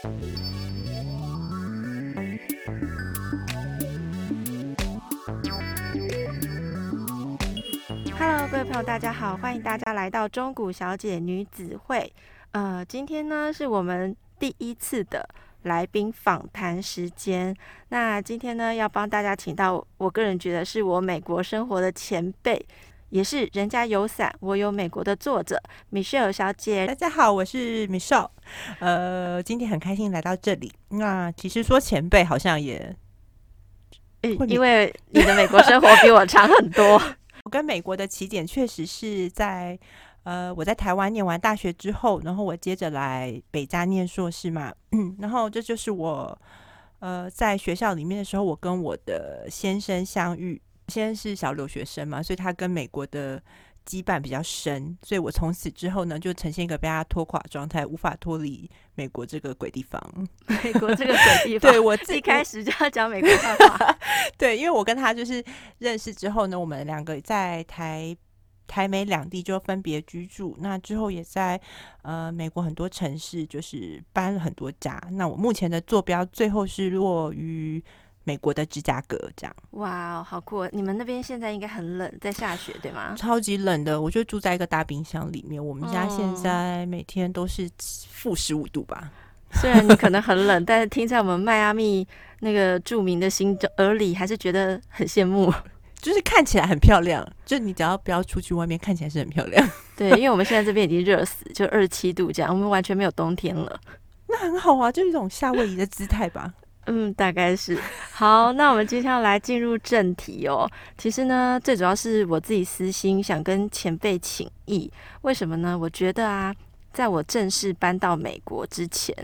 Hello，各位朋友，大家好，歡迎大家來到中古小姐女子會。呃，今天呢是我們第一次的來賓訪談時間。那今天呢要幫大家請到我，我個人覺得是我美國生活的前輩。也是人家有傘，我有美國的作者 Michelle 小姐。大家好，我是 Michelle。呃，今天很開心來到這裡。那其實說前輩好像也、呃，因為你的美國生活比我長很多。 我跟美國的起點確實是在呃，我在台灣念完大學之後，然後我接着來北加念碩士嘛。嗯、然後這就是我呃在學校裡面的時候，我跟我的先生相遇。現在是小留學生嘛，所以他跟美國的羈絆比較深，所以我從此之後呢，就呈現一個被他拖垮狀態，無法脫離美國這個鬼地方。美國這個鬼地方， 對，我最開始就要講美國話、文化。 對，因為我跟他就是認識之後呢，我們兩個在台台美兩地就分別居住，那之後也在呃美國很多城市就是搬了很多家。那我目前的坐標最後是落於美國的芝加哥這樣，哇、哦，好酷、哦！你們那邊現在應該很冷，在下雪對嗎？超級冷的，我就住在一個大冰箱裡面。我們家現在每天都是負十五度吧、嗯。雖然你可能很冷， 但是聽在我們邁阿密那個著名的星耳裡，early, 還是覺得很羨慕。就是看起來很漂亮，就你只要不要出去外面，看起來是很漂亮。對，因為我們現在這邊已經熱死，就二十七度這樣，我們完全沒有冬天了。 那很好啊，就是一種夏威夷的姿態吧。嗯，大概是。好，那我們接下來進入正題哦。其實呢，最主要是我自己私心想跟前輩請益。為什麼呢？我覺得啊，在我正式搬到美國之前，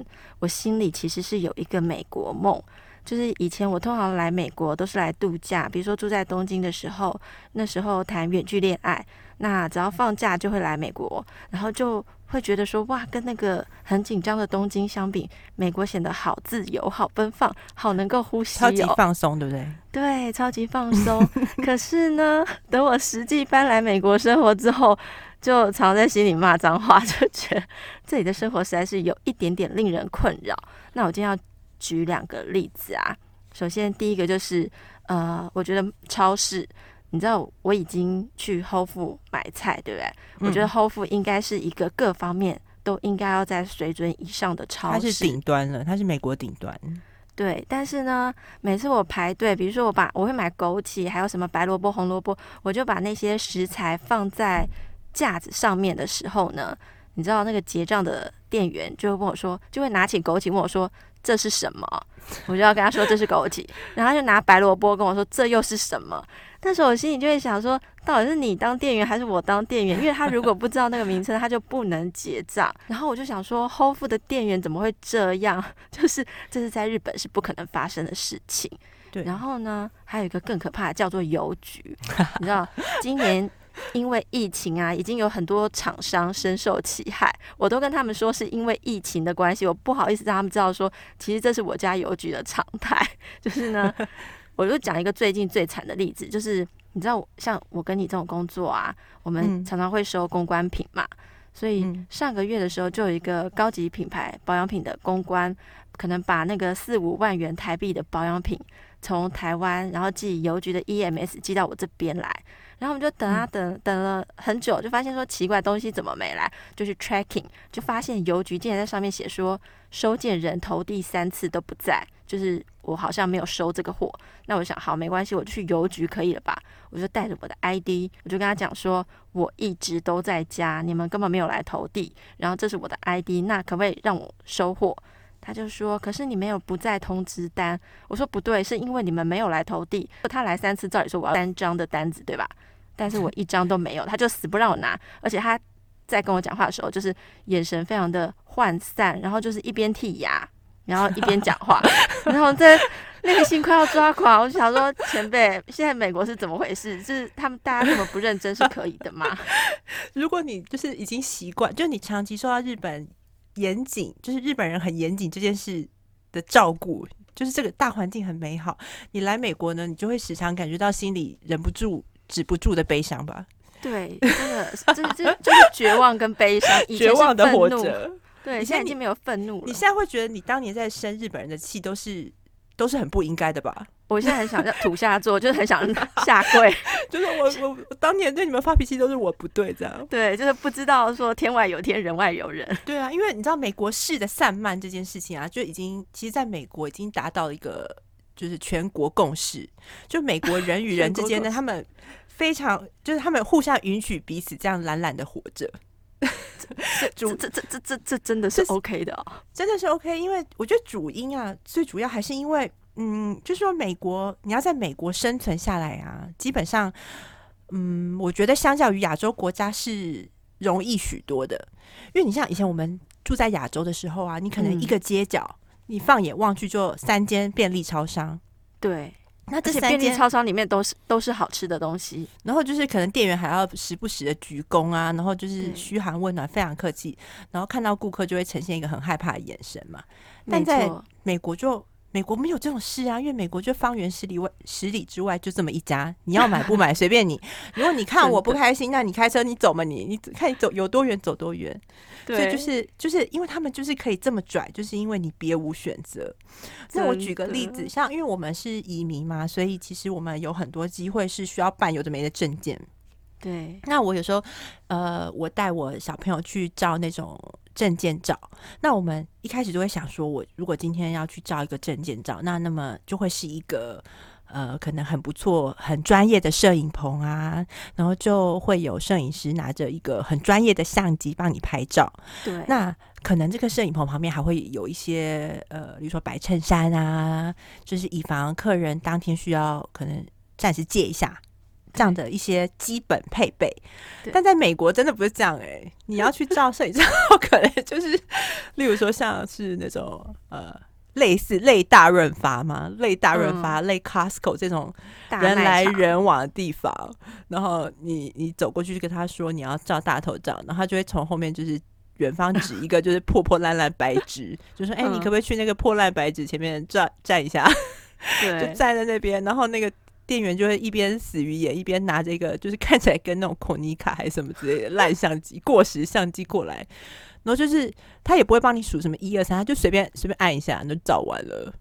我心裡其實是有一個美國夢，就是以前我通常來美國都是來度假，比如說住在東京的時候，那時候談遠距戀愛，那只要放假就會來美國，然後就。會覺得說哇，跟那個很緊張的東京相比，美國顯得好自由、好奔放、好能夠呼吸、哦，超級放鬆，對不對？對，超級放鬆。 可是呢，等我實際搬來美國生活之後，就常在心裡罵髒話，就覺得這裡的生活實在是有一點點令人困擾。那我今天要舉兩個例子啊。首先，第一個就是呃，我覺得超市。你知道我已經去 Whole Foods 買菜，對不對？嗯、我覺得 Whole Foods 應該是一個各方面都應該要在水準以上的超市，它是頂端了，它是美國頂端。對，但是呢，每次我排隊，比如說我把我會買枸杞，還有什麼白蘿蔔、紅蘿蔔，我就把那些食材放在架子上面的時候呢，你知道那個結賬的店員就會跟我說，就會拿起枸杞問我說，這是什麼？ 我就要跟他說這是枸杞， 然後他就拿白蘿蔔跟我說，這又是什麼？那時候我心裡就會想說，到底是你當店員還是我當店員？因為他如果不知道那個名稱， 他就不能結賬。然後我就想說，Whole Foods 的店員怎麼會這樣？就是這是在日本是不可能發生的事情。對。然後呢，還有一個更可怕的，叫做郵局。 你知道，今年因為疫情啊，已經有很多廠商深受其害。我都跟他們說，是因為疫情的關係，我不好意思讓他們知道說，其實這是我家郵局的常態。就是呢。 我就講一個最近最慘的例子，就是你知道，像我跟你這種工作啊，我們常常會收公關品嘛，嗯，所以上個月的時候就有一個高級品牌保養品的公關，可能把那個四五萬元台幣的保養品從台灣，然後寄郵局的 EMS 寄到我這邊來，然後我們就等啊等，等了很久，就發現說奇怪，東西怎麼沒來？就去 tracking，就發現郵局竟然在上面寫說收件人投遞三次都不在，就是。我好像沒有收這個貨，那我想好沒關係，我去郵局可以了吧？我就帶着我的 ID，我就跟他講說，我一直都在家，你們根本沒有來投遞，然後這是我的 ID，那可不可以讓我收貨？他就說，可是你沒有不在通知單。我說不對，是因為你們沒有來投遞，他來三次，照理說我要三張的單子對吧？但是我一張都沒有，他就死不讓我拿，而且他在跟我講話的時候，就是眼神非常的渙散，然後就是一邊剔牙。然後一邊講話， 然後在那個心快要抓狂。我就想說，前輩， 現在美國是怎麼回事？就是他們大家這麼不認真是可以的嗎？ 如果你就是已經習慣，就你長期受到日本嚴謹，就是日本人很嚴謹這件事的照顧，就是這個大環境很美好，你來美國呢，你就會時常感覺到心裡忍不住、止不住的悲傷吧？對，真的，就是 就是絕望跟悲傷，絕望的活着。對，你現在你，現在已經沒有憤怒了。你現在會覺得你當年在生日本人的氣都是都是很不應該的吧？我現在很想要土下座 就是很想下跪， 就是我我我當年對你們發脾氣都是我不對，這樣。對，就是不知道說天外有天，人外有人。 對啊，因為你知道美國式的散漫這件事情啊，就已經其實在美國已經達到了一個就是全國共識，就美國人與人之間呢，他們非常就是他們互相允許彼此這樣懶懶的活着。 這主 這這這這這真的是 OK 的、啊，真的是 OK。因為我覺得主因啊，最主要還是因為，嗯，就是說美國，你要在美國生存下來啊，基本上，嗯，我覺得相較於亞洲國家是容易許多的。因為你像以前我們住在亞洲的時候啊，你可能一個街角，嗯、你放眼望去就三間便利超商，對。那這些便利超商裡面都是都是好吃的東西，然後就是可能店員還要時不時的鞠躬啊，然後就是噓寒問暖，非常客氣，嗯，然後看到顧客就會呈現一個很害怕的眼神嘛。沒錯。但在美國就。美國沒有這種事啊，因為美國就方圓十里外，十里之外就這麼一家，你要買不買隨便你。 如果你看我不開心， 真的 那你開車你走嘛你，你你看你走有多遠走多遠。對 所以就是就是，因為他們就是可以這麼拽，就是因為你別無選擇。那我舉個例子，像因為我們是移民嘛，所以其實我們有很多機會是需要辦有的沒的證件。對。那我有時候，呃，我帶我小朋友去照那種。證件照，那我們一開始就會想說，我如果今天要去照一個證件照，那那麼就會是一個呃，可能很不錯、很專業的攝影棚啊，然後就會有攝影師拿着一個很專業的相機幫你拍照。對，那可能這個攝影棚旁邊還會有一些呃，比如說白襯衫啊，就是以防客人當天需要可能暫時借一下。這樣的一些基本配備，對但在美國真的不是這樣哎、欸！你要去照攝影照， 可能就是，例如說像是那種呃，類似類大潤發嘛，類大潤發、類、嗯、類 Costco 這種人來人往的地方，然後你你走過去跟他說你要照大頭照，然後他就會從後面就是遠方指一個就是破破爛爛白紙， 就說：“哎、欸，嗯、你可不可以去那個破爛白紙前面站站一下？” 對，就站在那邊，然後那個。店員就會一邊死魚眼一邊拿着一個，就是看起來跟那種孔尼卡還是什麼之類的爛相機、 過時相機過來，然後就是他也不會幫你數什麼一二三，他就隨便隨便按一下你就照完了。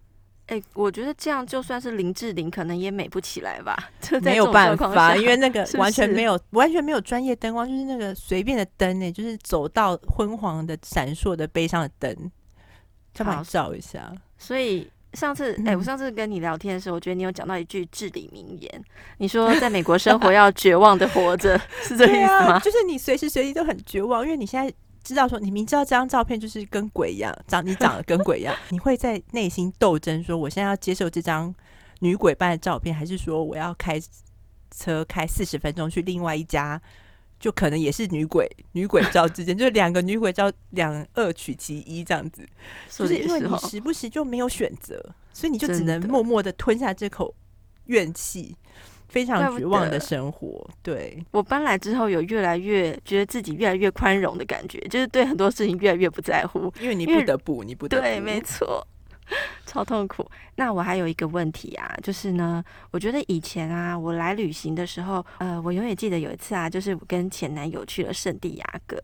哎、欸，我覺得這樣就算是林志玲，可能也美不起來吧。沒有辦法，因為那個完全沒有是是完全沒有專業燈光，就是那個隨便的燈呢、欸，就是走到昏黃的，的，的、閃爍的、悲傷的燈，幫你照一下。所以。上次誒、欸，我上次跟你聊天的時候，我覺得你有講到一句至理名言。你說在美國生活要絕望的活着， 是這個意思嗎？啊、就是你隨時隨地都很絕望，因為你現在知道說，你明知道這張照片就是跟鬼一樣，長你長得跟鬼一樣， 你會在內心鬥爭：說我現在要接受這張女鬼般的照片，還是說我要開車開四十分鐘去另外一家？就可能也是女鬼、女鬼招之間， 就兩個女鬼招，兩二取其一這樣子。也是就是因為你時不時就沒有選擇，嗯、所以你就只能默默的吞下這口怨氣，的非常絕望的生活。對，對，我搬來之後，有越來越覺得自己越來越寬容的感覺，就是對很多事情越來越不在乎，因為你不得不，為你不得，對，沒錯。 超痛苦。那我還有一個問題啊，就是呢，我覺得以前啊，我來旅行的時候，呃，我永遠記得有一次啊，就是我跟前男友去了聖地亞哥。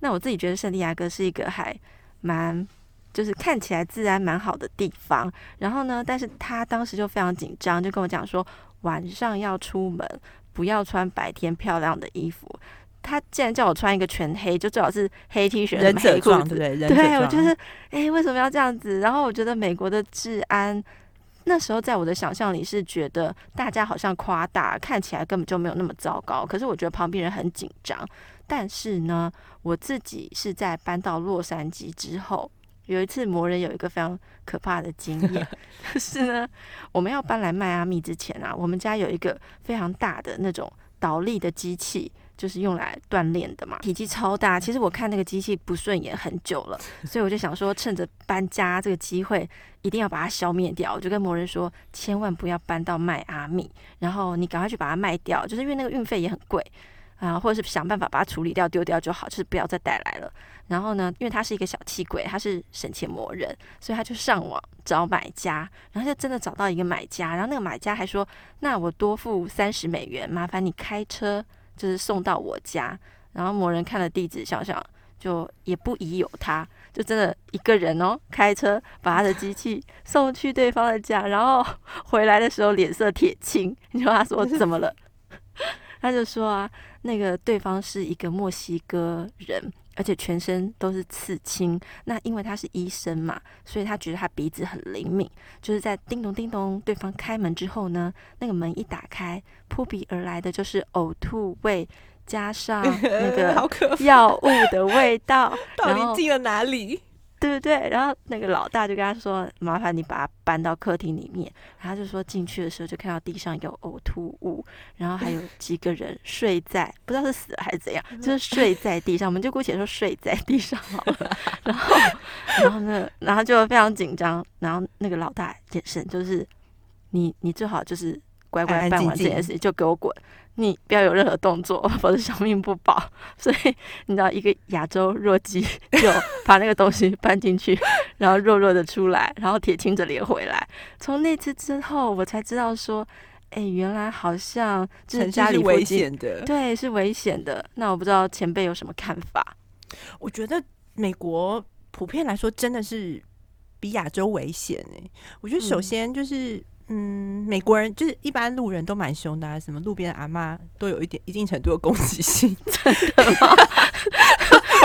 那我自己覺得聖地亞哥是一個還蠻，就是看起來治安蠻好的地方。然後呢，但是他當時就非常緊張，就跟我講說，晚上要出門，不要穿白天漂亮的衣服。他竟然叫我穿一個全黑，就最好是黑 T 恤、黑褲子，對不對？對，我覺、就、得、是，哎、欸，為什麼要這樣子？然後我覺得美國的治安，那時候在我的想象裡是覺得大家好像誇大，看起來根本就沒有那麼糟糕。可是我覺得旁邊人很緊張。但是呢，我自己是在搬到洛杉磯之後，有一次魔人有一個非常可怕的經驗。 就是呢，我們要搬來邁阿密之前啊，我們家有一個非常大的那種。倒立的機器就是用來鍛煉的嘛，體積超大。其實我看那個機器不順眼很久了，所以我就想說，趁着搬家這個機會，一定要把它消滅掉。我就跟某人說，千萬不要搬到邁阿密，然後你趕快去把它賣掉，就是因為那個運費也很貴啊、呃，或者是想辦法把它處理掉、丟掉就好，就是不要再帶來了。然後呢，因為他是一個小氣鬼，他是省錢魔人，所以他就上網找買家，然後就真的找到一個買家。然後那個買家還說：“那我多付三十美元，麻煩你開車就是送到我家。”然後魔人看了地址想想，笑笑就也不疑有他，就真的一個人哦開車把他的機器送去對方的家，然後回來的時候臉色鐵青。你說他說怎麼了？ 他就說啊，那個對方是一個墨西哥人。而且全身都是刺青，那因為他是醫生嘛，所以他覺得他鼻子很靈敏，就是在叮咚叮咚，對方開門之後呢，那個門一打開，撲鼻而來的就是嘔吐味，加上那個藥物的味道， 到底進了哪裡？對不對？然後那個老大就跟他說：“麻煩你把它搬到客廳裡面。”他就說：“進去的時候就看到地上有嘔吐物，然後還有幾個人睡在 不知道是死了還是怎樣，就是睡在地上。” 我們就姑且說睡在地上好了。 然後，然後呢？然後就非常緊張。然後那個老大眼神就是：“你你最好就是乖乖，乖還還靜靜辦完這件事，就給我滾。”你不要有任何動作，否則小命不保。所以你知道，一個亞洲弱雞就把那個東西搬進去， 然後弱弱的出來，然後鐵青着臉回來。從那次之後，我才知道說，哎、欸，原來好像成是家裡是危險的，對，是危險的。那我不知道前輩有什麼看法？我覺得美國普遍來說真的是比亞洲危險誒、欸。我覺得首先就是。嗯嗯，美國人就是一般路人都蠻兇的啊，什麼路邊的阿媽都有一點一定程度的攻擊性，真的嗎？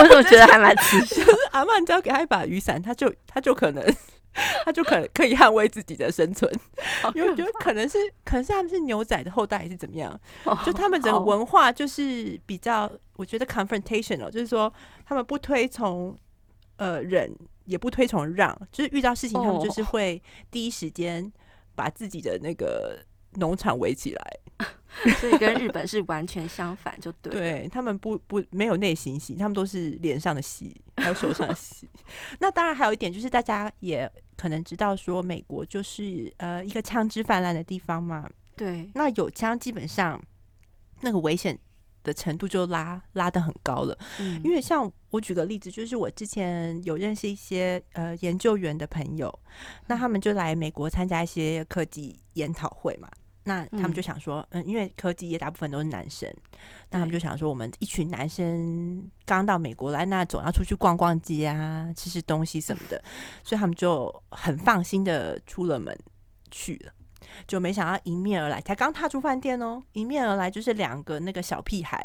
我怎 麼覺得還蠻慈祥？就是阿媽只要給他一把雨傘，他就他就可能他就可能可以捍衛自己的生存。因為我 覺得可能是可能是他們是牛仔的後代，還是怎麼樣？Oh, 就他們的文化就是比較，oh. 我覺得 confrontational，就是說他們不推崇呃忍，也不推崇讓，就是遇到事情他們就是會第一時間。把自己的那個農場圍起來， 所以跟日本是完全相反，就對， 對。對他們不不沒有內心戲，他們都是臉上的戲還有手上的戲。 那當然還有一點就是，大家也可能知道說，美國就是呃一個槍支氾濫的地方嘛。對，那有槍基本上那個危險的程度就拉，拉得很高了。嗯、因為像我舉個例子，就是我之前有認識一些呃研究員的朋友，那他們就來美國參加一些科技研討會嘛，那他們就想說，嗯，嗯，因為科技業大部分都是男生，那他們就想說，我們一群男生剛到美國來，那總要出去逛逛街啊，吃吃東西什麼的，嗯、所以他們就很放心的出了門去了。就沒想到迎面而來，才剛踏出飯店哦、喔，迎面而來就是兩個那個小屁孩，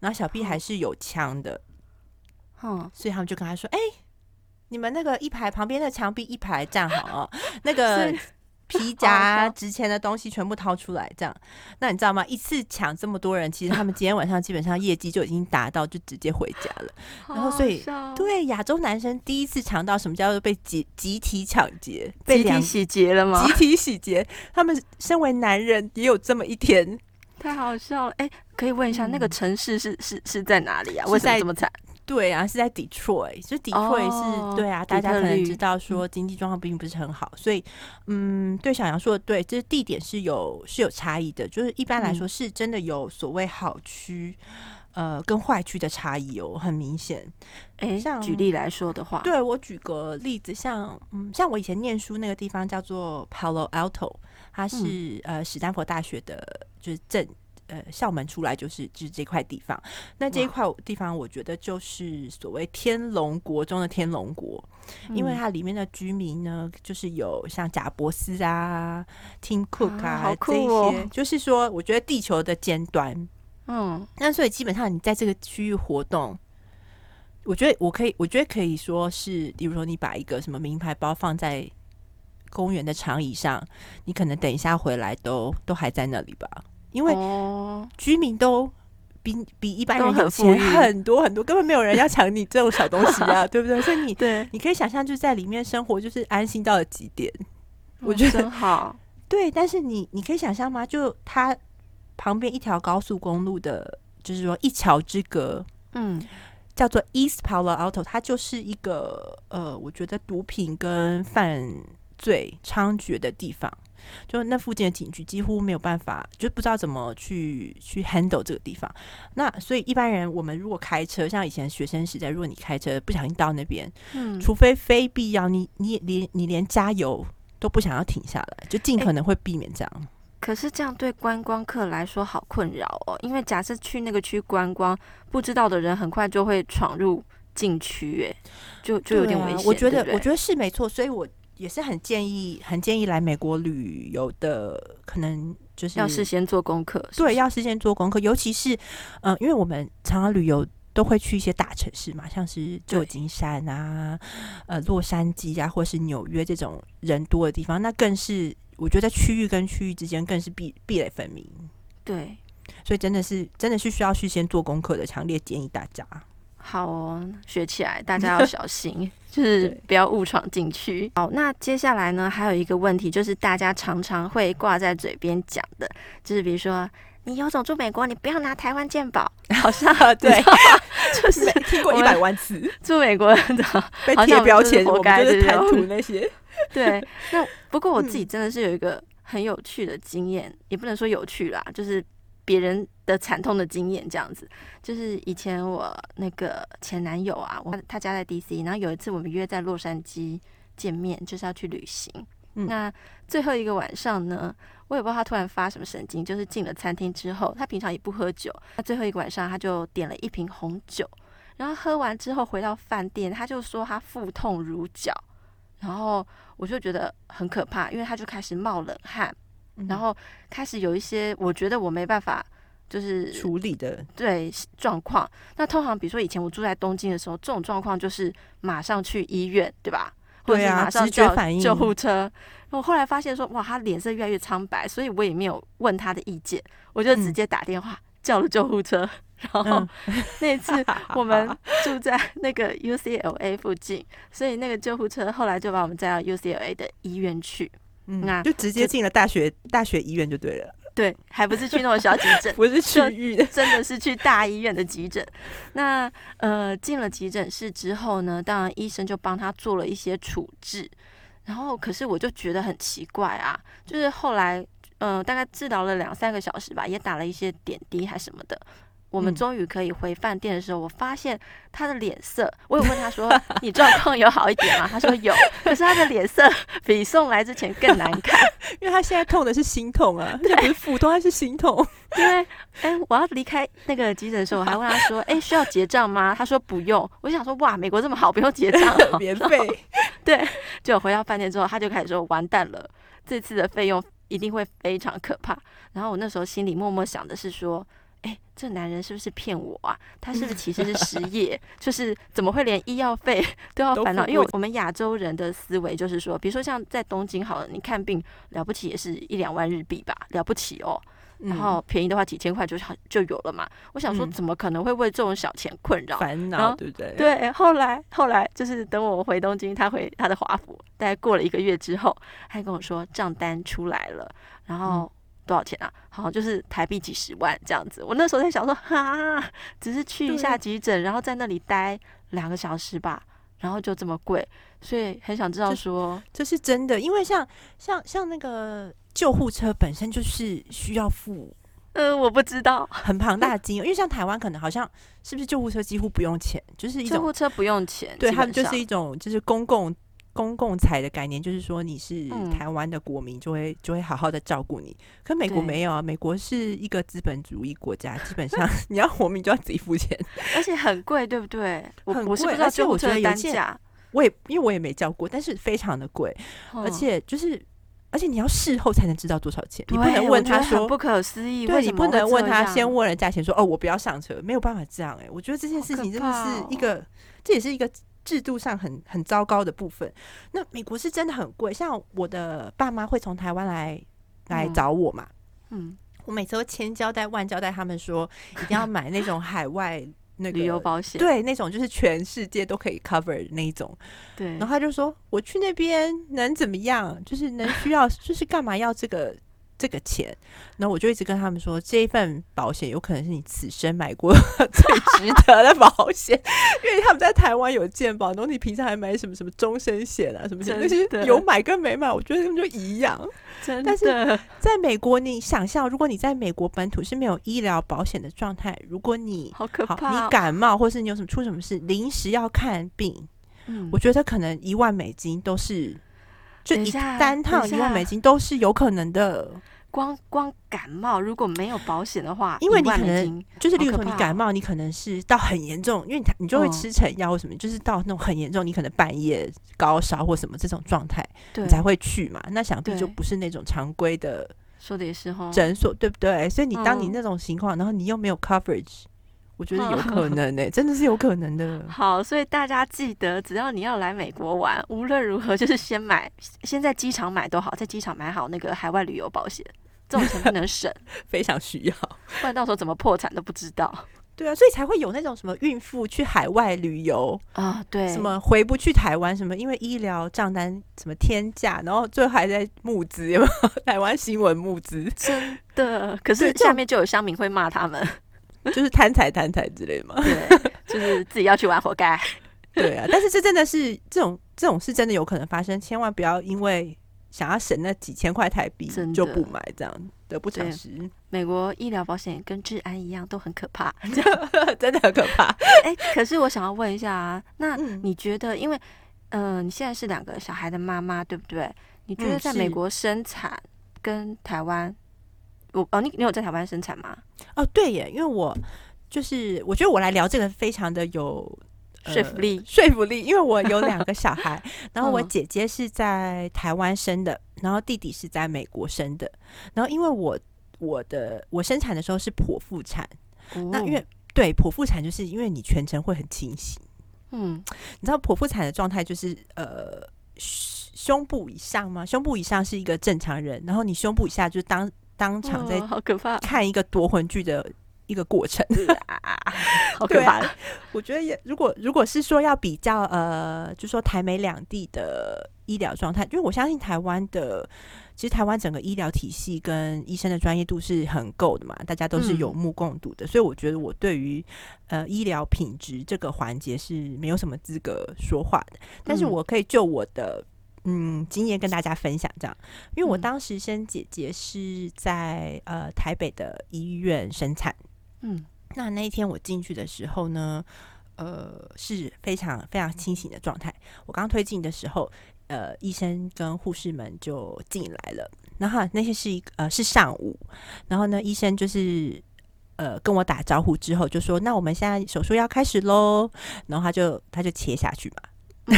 然後小屁孩是有槍的，嗯，所以他們就跟他說：“哎、欸，你們那個一排旁邊的牆壁一排站好哦、喔。 那個。”皮夾、值錢的東西全部掏出來，這樣。那你知道嗎？一次搶這麼多人，其實他們今天晚上基本上業績就已經達到，就直接回家了。好好笑。然後，所以對亞洲男生第一次嘗到什麼叫做被集集體搶劫、集體洗劫了嗎？集體洗劫，他們身為男人也有這麼一天，太好笑了。哎、欸，可以問一下，嗯、那個城市是是是在哪裡啊？為什麼這麼慘？對，然後是在 Detroit 所以 Detroit 是，對啊，大家可能知道說經濟狀況並不是很好，嗯、所以嗯，對，小楊說的對，這、就是地點是有是有差異的，就是一般來說是真的有所謂好區，嗯、呃，跟壞區的差異哦，很明顯。哎，像舉例來說的話，對，我舉個例子，像嗯，像我以前念書那個地方叫做 Palo Alto，它是、嗯、呃史丹佛大學的，就是鎮。呃，校門出來就是就是這塊地方。那這一塊哇地方，我覺得就是所謂天龍國中的天龍國，嗯、因為它裡面的居民呢，就是有像賈伯斯啊、Tim Cook 啊，啊這些，啊哦、就是說，我覺得地球的尖端。嗯，那所以基本上你在這個區域活動，我覺得我可以，我覺得可以說是，比如說你把一個什麼名牌包放在公園的長椅上，你可能等一下回來都都還在那裡吧，因為居民都比比一般人有錢很多很，多很，很多很多，根本沒有人要搶你這種小東西啊， 對不對？所以你對，你可以想象就是在裡面生活，就是安心到了極點。嗯、我覺得很真好，對。但是你你可以想象嗎？就它旁邊一條高速公路的，就是說一橋之隔，嗯，叫做 East Palo Alto，它就是一個呃，我覺得毒品跟犯罪猖獗的地方。就那附近的警局，幾乎沒有辦法，就不知道怎麼去去 handle 這個地方。那所以一般人，我們如果開車，像以前學生時代，如果你開車不小心到那邊，嗯，除非非必要，你你，你連你連加油都不想要停下來，就盡可能會避免這樣、欸。可是這樣對觀光客來說好困擾哦，因為假設去那個區觀光，不知道的人很快就會闖入禁區誒，就就有點危險、啊。我覺得對對我覺得是沒錯，所以我。也是很建議，很建議來美國旅遊的，可能就是要事先做功課。對，是是要事先做功課，尤其是嗯、呃，因為我們常常旅遊都會去一些大城市嘛，像是舊金山啊、對，呃洛杉磯啊，或是紐約這種人多的地方，那更是我覺得在區域跟區域之間更是壁壁壘分明。對，所以真的是真的是需要事先做功課的，強烈建議大家。好哦，學起來，大家要小心， 就是不要誤闖進去。對好，那接下來呢，還有一個問題，就是大家常常會掛在嘴邊講的，就是比如說，你有種住美國，你不要拿台灣健保，好像對， 就是聽過一百萬次住美國的，而且 標籤活該這種台獨那些， 對。那不過我自己真的是有一個很有趣的經驗，嗯、也不能說有趣啦，就是。別人的慘痛的經驗這樣子，就是以前我那個前男友啊，他他家在 D.C.，然後有一次我們約在洛杉磯見面，就是要去旅行。嗯、那最後一個晚上呢，我也不知道他突然發什麼神經，就是進了餐廳之後，他平常也不喝酒，他最後一個晚上他就點了一瓶紅酒，然後喝完之後回到飯店，他就說他腹痛如絞，然後我就覺得很可怕，因為他就開始冒冷汗。然後開始有一些，我覺得我沒辦法，就是處理的對狀況。那通常，比如說以前我住在東京的時候，這種狀況就是馬上去醫院，對吧？對啊，或者馬上反應救護車。我、啊、後，後來發現說，哇，他臉色越來越蒼白，所以我也沒有問他的意見，我就直接打電話、嗯、叫了救護車。然後那一次我們住在那個 UCLA 附近， 所以那個救護車後來就把我們帶到 UCLA 的醫院去。那、嗯、就直接進了大學大學醫院就對了，對，還不是去那種小急診， 不是去醫院，真的是去大醫院的急診。那呃，進了急診室之後呢，當然醫生就幫他做了一些處置。然後，可是我就覺得很奇怪啊，就是後來嗯、呃，大概治療了兩三個小時吧，也打了一些點滴還什麼的。.我們終於可以回飯店的時候，嗯、我發現他的臉色。我有問他說：“你狀況有好一點嗎？” 他說：“有。”可是他的臉色比送來之前更難看， 因為他現在痛的是心痛啊，對不是腹痛，他是心痛。因為，哎、欸，我要離開那個急診的時候，我還問他說：“哎、 欸，需要結賬嗎？”他說：“不用。”我想說：“哇，美國這麼好，不用結賬、哦，免費 背。”對。就回到飯店之後，他就開始說：“完蛋了，這次的費用一定會非常可怕。”然後我那時候心裡默默想的是說，哎，這男人是不是騙我啊？他是不是其實是失業？ 就是怎麼會連醫藥費都要煩惱？因為，我們亞洲人的思維就是說，比如說像在東京好了，你看病了不起也是一兩萬日幣吧，了不起哦。嗯、然後便宜的話幾千塊就很就有了嘛。我想說，怎麼可能會為這種小錢困擾？煩惱，對不對？對。後來，後來就是等我回東京，他回他的華府。大概過了一個月之後，他跟我說賬單出來了，然後。嗯多少錢啊？好，就是台幣幾十萬這樣子。我那時候在想說，哈，哈，只是去一下急診，對然後在那裡待兩個小時吧，然後就這麼貴，所以很想知道說這是，這是真的。因為像像像那個救護車本身就是需要付，呃，我不知道很龐大的金額。因為像台灣可能好像是不是救護車幾乎不用錢，就是一種救護車不用錢，對他們就是一種就是公共。公共財的概念就是說，你是台灣的國民，就會就會好好的照顧你。可美國沒有啊，美國是一個資本主義國家，基本上你要活命就要自己付錢，而且很貴，對不對？我是不知道救護車的單價，我也因為我也沒叫過，但是非常的貴，而且就是而且你要事後才能知道多少錢，你不能問他說不可思議，對，你不能問他先問了價錢說哦，我不要上車，沒有辦法這樣。哎，我覺得這件事情真的是一個，這也是一個。制度上很很糟糕的部分，那美國是真的很貴。像我的爸媽會從台灣來來找我嘛嗯，嗯，我每次都千交代萬交代他們說一定要買那種海外那個 旅遊保險，對，那種就是全世界都可以 cover 的那一種，對。然後他就說我去那邊能怎麼樣？就是能需要，就是幹嘛要這個？這個錢，那我就一直跟他們說，這一份保險有可能是你此生買過最值得的保險。 因為他們在台灣有健保，然後 你平常還買什麼什麼終身險啊什麼那些的有買跟沒買，我覺得他們就一樣。真的但是，在美國你想象，如果你在美國本土是沒有醫療保險的狀態，如果你好可怕、哦好，你感冒或是你有什麼出什麼事，臨時要看病，嗯、我覺得可能一萬美金都是。就你單趟一萬美金都是有可能的，光光感冒如果沒有保險的話，因為你可能就是例如說你感冒，哦、可你可能是到很嚴重，因為你你就會吃成藥或什麼，嗯、就是到那種很嚴重，你可能半夜高燒或什麼這種狀態，對你才會去嘛，那想必就不是那種常規的所，說的也診所對不對？所以你當你那種情況，嗯、然後你又沒有 coverage。我覺得有可能呢、欸，嗯、真的是有可能的。好，所以大家記得，只要你要來美國玩，無論如何就是先買，先在機場買都好，在機場買好那個海外旅遊保險，這種錢不能省，非常需要，不然到時候怎麼破產都不知道。對啊，所以才會有那種什麼孕婦去海外旅遊啊，對，什麼回不去台灣，什麼因為醫療賬單什麼天價，然後最後還在募資有沒有，台灣新聞募資，真的。可是下面就有鄉民會罵他們。就是貪財貪財之類的嘛，對，就是自己要去玩，活該。 對啊，但是這真的是這種這種事真的有可能發生，千萬不要因為想要省那幾千塊台幣就不買，這樣得不償失。美國醫療保險跟治安一樣都很可怕， 真的很可怕。哎、 欸，可是我想要問一下啊，那你覺得，因為嗯、呃，你現在是兩個小孩的媽媽，對不對？你覺得在美國生產跟台灣？哦，你你有在台灣生產嗎？哦，對耶，因為我就是我覺得我來聊這個非常的有說服力說服力，因為我有兩個小孩， 然後我姐姐是在台灣生的，然後弟弟是在美國生的，然後因為我我的我生產的時候是剖腹產，嗯、那因為對剖腹產就是因為你全程會很清醒，嗯，你知道剖腹產的狀態就是呃胸部以上嗎？胸部以上是一個正常人，然後你胸部以下就當。當場在看一個奪魂劇的一個過程，哦、好可怕！我覺得也，如果如果是說要比較，呃，就說台美兩地的醫療狀態，因為我相信台灣的，其實台灣整個醫療體系跟醫生的專業度是很夠的嘛，大家都是有目共睹的，嗯、所以我覺得我對於呃醫療品質這個環節是沒有什麼資格說話的，但是我可以就我的。嗯嗯，經驗跟大家分享這樣，因為我當時生姐姐是在呃台北的醫院生產，嗯，那那一天我進去的時候呢，呃是非常非常清醒的狀態。我剛推進的時候，呃，醫生跟護士們就進來了，然後那天是一呃是上午，然後呢，醫生就是呃跟我打招呼之後就說，那我們現在手術要開始嘍，然後他就他就切下去嘛。嗯、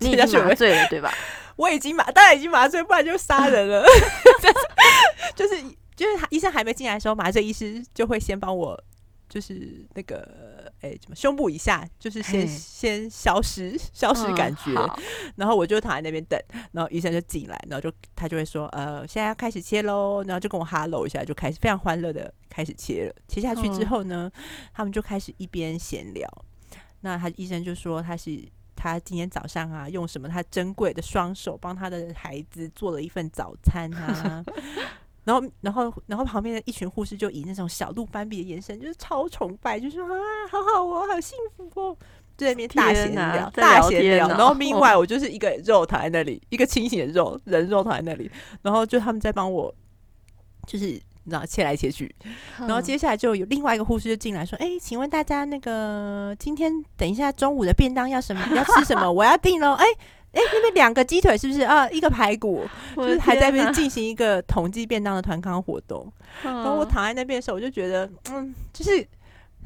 你已經麻醉了，對吧？ 我已經麻，當然已經麻醉了，不然就殺人了。 就是就是、就是、他醫生還沒進來的時候，麻醉醫師就會先幫我，就是那個哎、欸、什麼，胸部以下就是先嘿先消失消失感覺，嗯、然後我就躺在那邊等，然後醫生就進來，然後就他就會說呃，現在要開始切嘍，然後就跟我哈嘍一下，就開始非常歡樂的開始切了。切下去之後呢，嗯、他們就開始一邊閒聊。那他醫生就說他是。他今天早上啊，用什麼他珍貴的雙手幫他的孩子做了一份早餐啊， 然後，然後，然後旁邊的一群護士就以那種小鹿斑比的眼神，就是超崇拜，就說啊，好好哦，好幸福哦，就在那邊大閒哪協聊，大閒協聊。然後另外我就是一個肉躺在那裡，哦、一個清醒的肉人肉躺在那裡，然後就他們在幫我，就是。然後切來切去，然後接下來就有另外一個護士就進來說：“哎、嗯，欸，請問大家那個今天等一下中午的便當要什麼？要吃什麼？ 我要訂嘍。欸”“哎、欸、哎，那邊兩個雞腿是不是？啊，一個排骨，就是還在那邊進行一個統計便當的團康活動。”然後我躺在那邊的時候，我就覺得，嗯，嗯，就是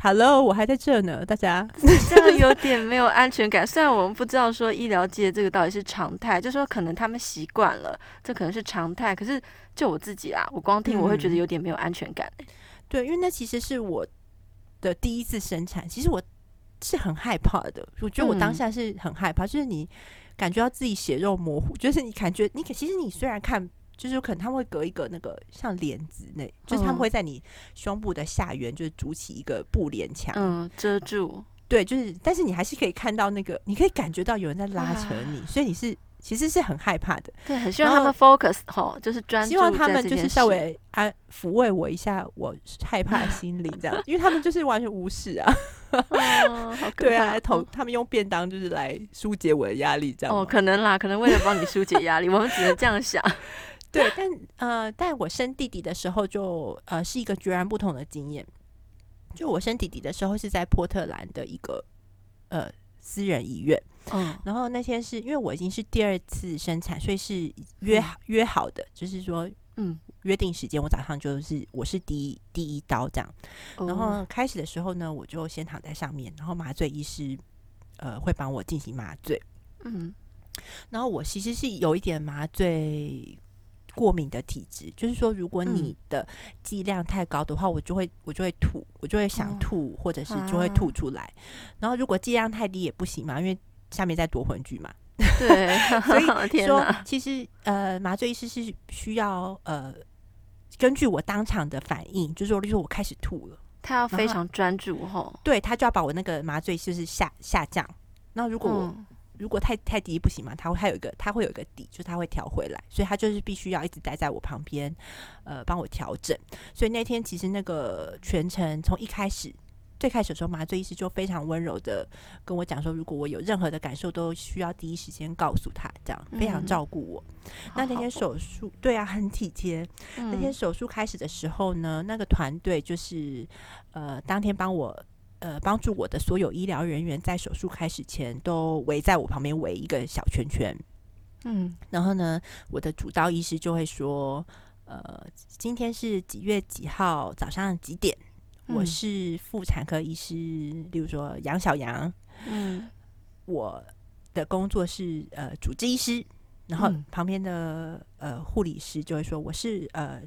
“hello”，我還在這呢，大家 這樣有點沒有安全感。雖然我們不知道說醫療界這個到底是常態，就說可能他們習慣了，這可能是常態，可是。就我自己啦，我光聽我會覺得有點沒有安全感、欸嗯。對，因為那其實是我的第一次生產，其實我是很害怕的。我覺得我當下是很害怕，嗯、就是你感覺到自己血肉模糊，就是你感覺你可其實你雖然看，就是可能他們會隔一個那個像簾子內，嗯、就是他們會在你胸部的下緣就是築起一個布簾牆，嗯，遮住。對，就是，但是你還是可以看到那個，你可以感覺到有人在拉扯你，啊、所以你是。其實是很害怕的，對，很希望他們 focus 吼後、哦，就是專注。希望他們就是稍微安撫慰我一下，我害怕的心理這樣， 因為他們就是完全無視啊。 哦、好可 對啊，來投、哦、他們用便當就是來疏解我的壓力這樣。哦，哦，可能啦，可能為了幫你疏解壓力， 我們只能這樣想。對，但呃，在我生弟弟的時候就，就呃是一個截然不同的經驗。就我生弟弟的時候是在波特蘭的一個呃。私人醫院，嗯、哦，然後那天是因為我已經是第二次生產，所以是約好、嗯、約好的，就是說，嗯，約定時間，我早上就是我是第一第一刀這樣，然後、啊哦、開始的時候呢，我就先躺在上面，然後麻醉醫師呃會幫我進行麻醉，嗯，然後我其實是有一點麻醉過敏的體質，就是說，如果你的劑量太高的話，嗯、我就會我就會吐，我就會想吐，哦、或者是就會吐出來。啊、然後如果劑量太低也不行嘛，因為下面在奪魂鋸嘛。對，所以說其實呃，麻醉師是需要呃，根據我當場的反應，就是說，就是我開始吐了，他要非常專注吼，嗯、對他就要把我那個麻醉就是下下降。那如果我。如果太太低不行嘛，他會還有一個，他會有一個底，就他會調回來，所以他就是必須要一直待在我旁邊，呃，幫我調整。所以那天其實那個全程從一開始，最開始的時候麻醉醫師就非常溫柔的跟我講說，如果我有任何的感受都需要第一時間告訴他，這樣、嗯、非常照顧我。那那天手術對啊，很體貼。嗯、那天手術開始的時候呢，那個團隊就是呃，當天幫我。呃，幫助我的所有醫療人員在手術開始前都圍在我旁邊圍一個小圈圈。嗯，然後呢，我的主刀醫師就會說，呃，今天是幾月幾號早上幾點？嗯，我是婦產科醫師，例如說楊小楊。嗯，我的工作是呃主治醫師，然後旁邊的呃護理師就會說，我是呃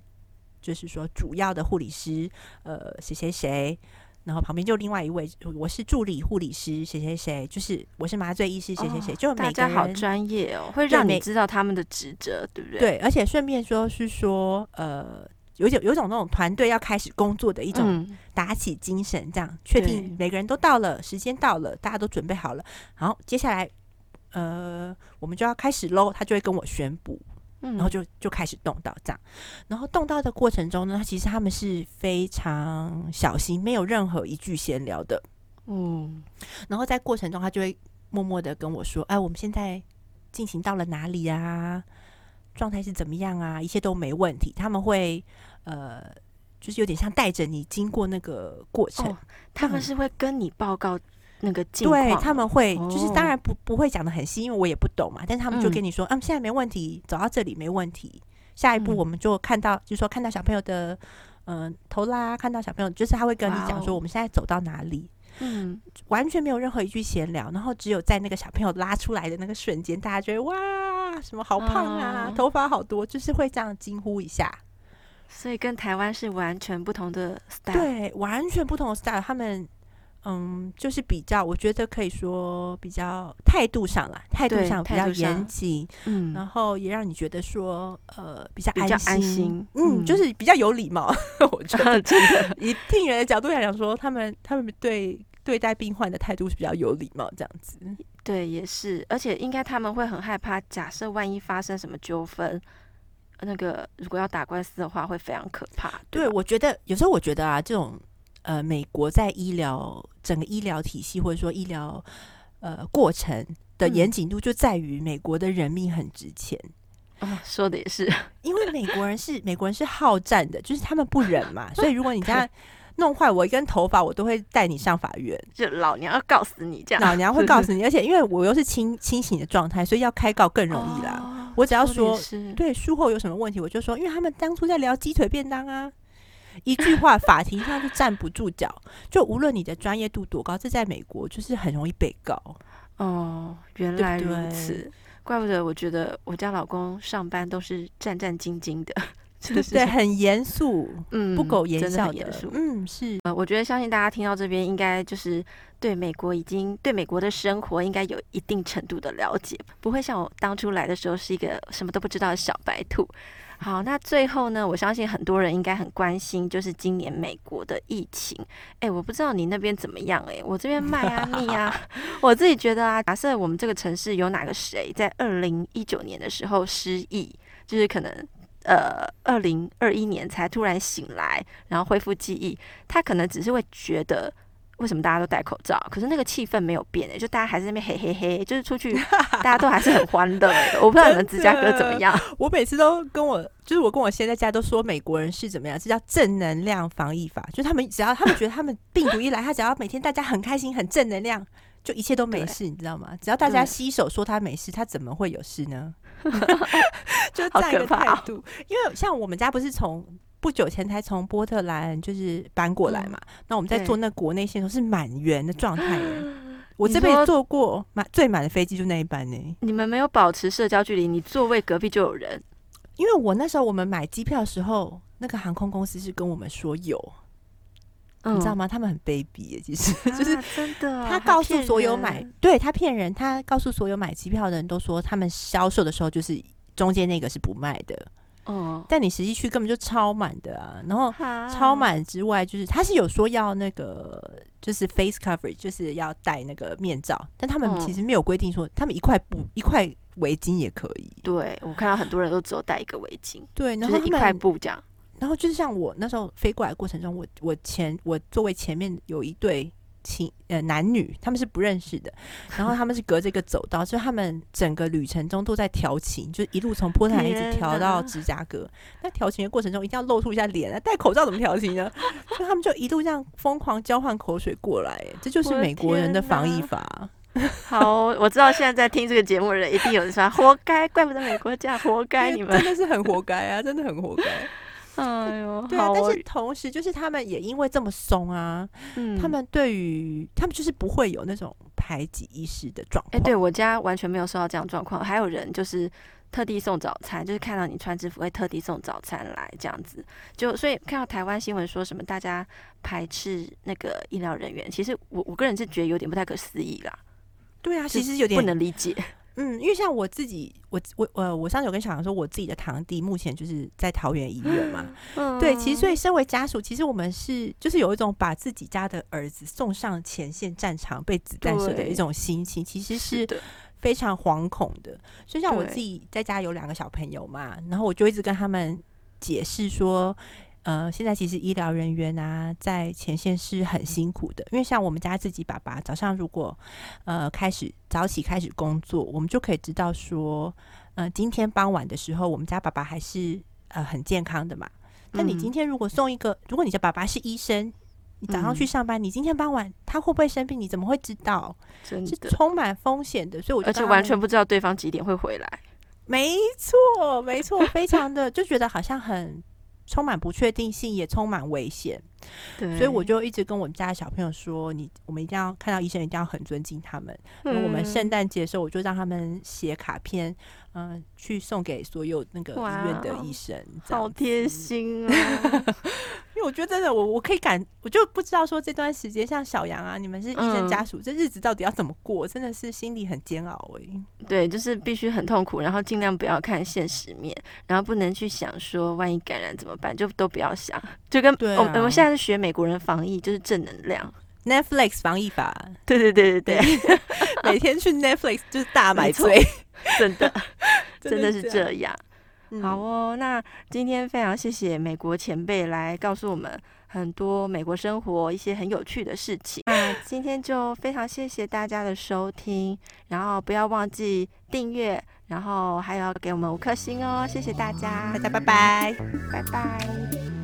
就是說主要的護理師呃誰誰誰。然後旁邊就另外一位，我是助理護理師，誰誰誰，就是我是麻醉醫師，誰誰誰，就每個人、哦、大家好專業哦，會讓你知道他們的職責，對，對不對？對，而且順便說是說，呃，有一種有一種那種團隊要開始工作的一種，打起精神，這樣、嗯、確定每個人都到了，時間到了，大家都準備好了，然後接下來，呃，我們就要開始嘍，他就會跟我宣布。然後就就開始動刀這樣。然後動刀的過程中呢，其實他們是非常小心，沒有任何一句閒聊的，嗯，然後在過程中，他就會默默的跟我說：“哎，我們現在進行到了哪裡啊？狀態是怎麼樣啊？一切都沒問題。”他們會呃，就是有點像帶着你經過那個過程，哦、他們是會跟你報告。嗯對，他們會、哦、就是當然不不會講得很細，因為我也不懂嘛。但他們就跟你說，嗯、啊，現在沒問題，走到這裡沒問題，下一步我們就看到，嗯、就是說看到小朋友的嗯、呃、頭啦，看到小朋友就是他會跟你講說，我們現在走到哪裡，哦、嗯，完全沒有任何一句閒聊，然後只有在那個小朋友拉出來的那個瞬間，大家覺得哇，什麼好胖啊，哦、頭髮好多，就是會這樣驚呼一下。所以跟台灣是完全不同的 style，對，完全不同的 style，他們。嗯，就是比較，我覺得可以說比較態度上啦，態度上比較嚴謹，然後也讓你覺得說，嗯、呃，比較比較安心，安心，嗯，嗯就是比較有禮貌。嗯、 我覺得、啊、真的，以病 人的角度來講，說他們他們對對待病患的態度是比較有禮貌，這樣子。對，也是，而且應該他們會很害怕，假設萬一發生什麼糾紛，那個如果要打官司的話，會非常可怕。對，對，我覺得有時候我覺得啊，這種。呃，美國在醫療整個醫療體系或者說醫療呃過程的嚴謹度，就在於美國的人命很值錢。哦，說的也是，因為美國人是 美國人是好戰的，就是他們不忍嘛，所以如果你這樣弄壞我一根 頭髮，我都會帶你上法院，就老娘要告死你這樣。老娘會告訴你， 而且因為我又是清清醒的狀態，所以要開告更容易啦。哦，我只要說，說對術後有什麼問題，我就說，因為他們當初在聊雞腿便當啊。 一句話，法庭上就站不住腳。就無論你的專業度多高，這在美國就是很容易被告。哦，原來如此，對不對？怪不得我覺得我家老公上班都是戰戰兢兢的，對，對 很嚴肅，嗯，不苟言笑的，真的很嚴肅，嗯，是。我覺得相信大家聽到這邊，應該就是對美國已經對美國的生活應該有一定程度的了解，不會像我當初來的時候是一個什麼都不知道的小白兔。好，那最後呢，我相信很多人應該很關心，就是今年美國的疫情。哎、欸，我不知道你那邊怎麼樣？欸，哎，我這邊邁阿密啊， 我自己覺得啊，假設我們這個城市有哪個誰在二零一九年的時候失憶，就是可能呃二零二一年才突然醒來，然後恢復記憶，他可能只是會覺得，為什麼大家都戴口罩？可是那個氣氛沒有變誒、欸，就大家還是那邊嘿嘿嘿，就是出去，大家都還是很歡樂的、欸、 的。我不知道你們芝加哥怎麼樣。我每次都跟我，就是我跟我現在家都說，美國人是怎麼樣？這叫正能量防疫法，就是他們只要他們覺得他們病毒一來， 他只要每天大家很開心、很正能量，就一切都沒事，對你知道嗎？只要大家洗手說他沒事，他怎麼會有事呢？對 就是這樣一個態度。哦、因為像我們家不是從。不久前才從波特蘭就是搬過來嘛，嗯、那我們在坐那國內線都是滿員的狀態，嗯、我這輩子坐過滿說最滿的飛機就那一班呢。你們沒有保持社交距離，你座位隔壁就有人。因為我那時候我們買機票的時候，那個航空公司是跟我們說有，嗯、你知道嗎？他們很卑鄙耶，其實、啊、 就是真的。他告訴所有買，買對他騙人，他告訴所有買機票的人都說，他們銷售的時候就是中間那個是不賣的。嗯，但你實際去根本就超滿的啊，然後超滿之外，就是他是有說要那個，就是 face cover，就是要戴那個面罩，但他們其實沒有規定說，他們一塊布一塊圍巾也可以。對，我看到很多人都只有戴一個圍巾，對，然後就是一塊布這樣。然後就是像我那時候飛過來的過程中，我我前我座位前面有一對。.情呃男女他們是不認識的，然後他們是隔着一個走道， 就他們整個旅程中都在調情，就一路從波特蘭，一直調到芝加哥。哪那調情的過程中一定要露出一下臉啊，戴口罩怎麼調情呢？ 所以他們就一路這樣瘋狂交換口水過來， 這就是美國人的防疫法。好， 我知道現在在聽這個節目的人一定有人說：活該，怪不得美國這樣，活該你們真的是很活該啊，真的很活該。 哎呦，對啊，哎、呦但是同時就是他們也因為這麼鬆啊，嗯、他們對於他們就是不會有那種排擠醫師的狀況。哎、欸，對，我家完全沒有受到這樣狀況，還有人就是特地送早餐，就是看到你穿制服會特地送早餐來這樣子。就所以看到台灣新聞說什麼大家排斥那個醫療人員，其實我我個人是覺得有點不太可思議啦。對啊，就其實有點不能理解。 嗯，因為像我自己，我我呃，我上次有跟小楊說，我自己的堂弟目前就是在桃園醫院嘛。嗯、對，其實所以身為家屬，其實我們是就是有一種把自己家的兒子送上前線戰場被子彈射的一種心情，對其實是非常惶恐的。就的像我自己在家有兩個小朋友嘛，對然後我就一直跟他們解釋說。呃，現在其實醫療人員啊，在前線是很辛苦的，因為像我們家自己爸爸，早上如果，呃，開始早起開始工作，我們就可以知道說，呃，今天傍晚的時候，我們家爸爸還是呃很健康的嘛。那你今天如果送一個，嗯、如果你的爸爸是醫生，你早上去上班，嗯、你今天傍晚他會不會生病？你怎麼會知道？真的，是充滿風險的，所以我覺得、啊、而且完全不知道對方幾點會回來。沒錯，沒錯，非常的 就覺得好像很。充滿不確定性，也充滿危險。對所以我就一直跟我們家的小朋友說：“你，我們一定要看到醫生，一定要很尊敬他們。嗯”我們聖誕節的時候，我就讓他們寫卡片，嗯，去送給所有那個醫院的醫生。好貼心啊！ 因為我覺得真的，我我可以感，我就不知道說這段時間，像小楊啊，你們是醫生家屬，嗯、這日子到底要怎麼過？真的是心裡很煎熬哎、欸。對，就是必須很痛苦，然後盡量不要看現實面，然後不能去想說萬一感染怎麼辦，就都不要想。就跟對、啊嗯、我我們現在。學美國人防疫就是正能量，Netflix 防疫法，對對對對對， 每天去 Netflix 就是大買醉， 真的真的是這樣。的的好哦，嗯、那今天非常謝謝美國前輩來告訴我們很多美國生活一些很有趣的事情。那 今天就非常謝謝大家的收聽，然後不要忘記訂閱，然後還有給我們五顆星哦，謝謝大家，大家拜拜， 拜拜。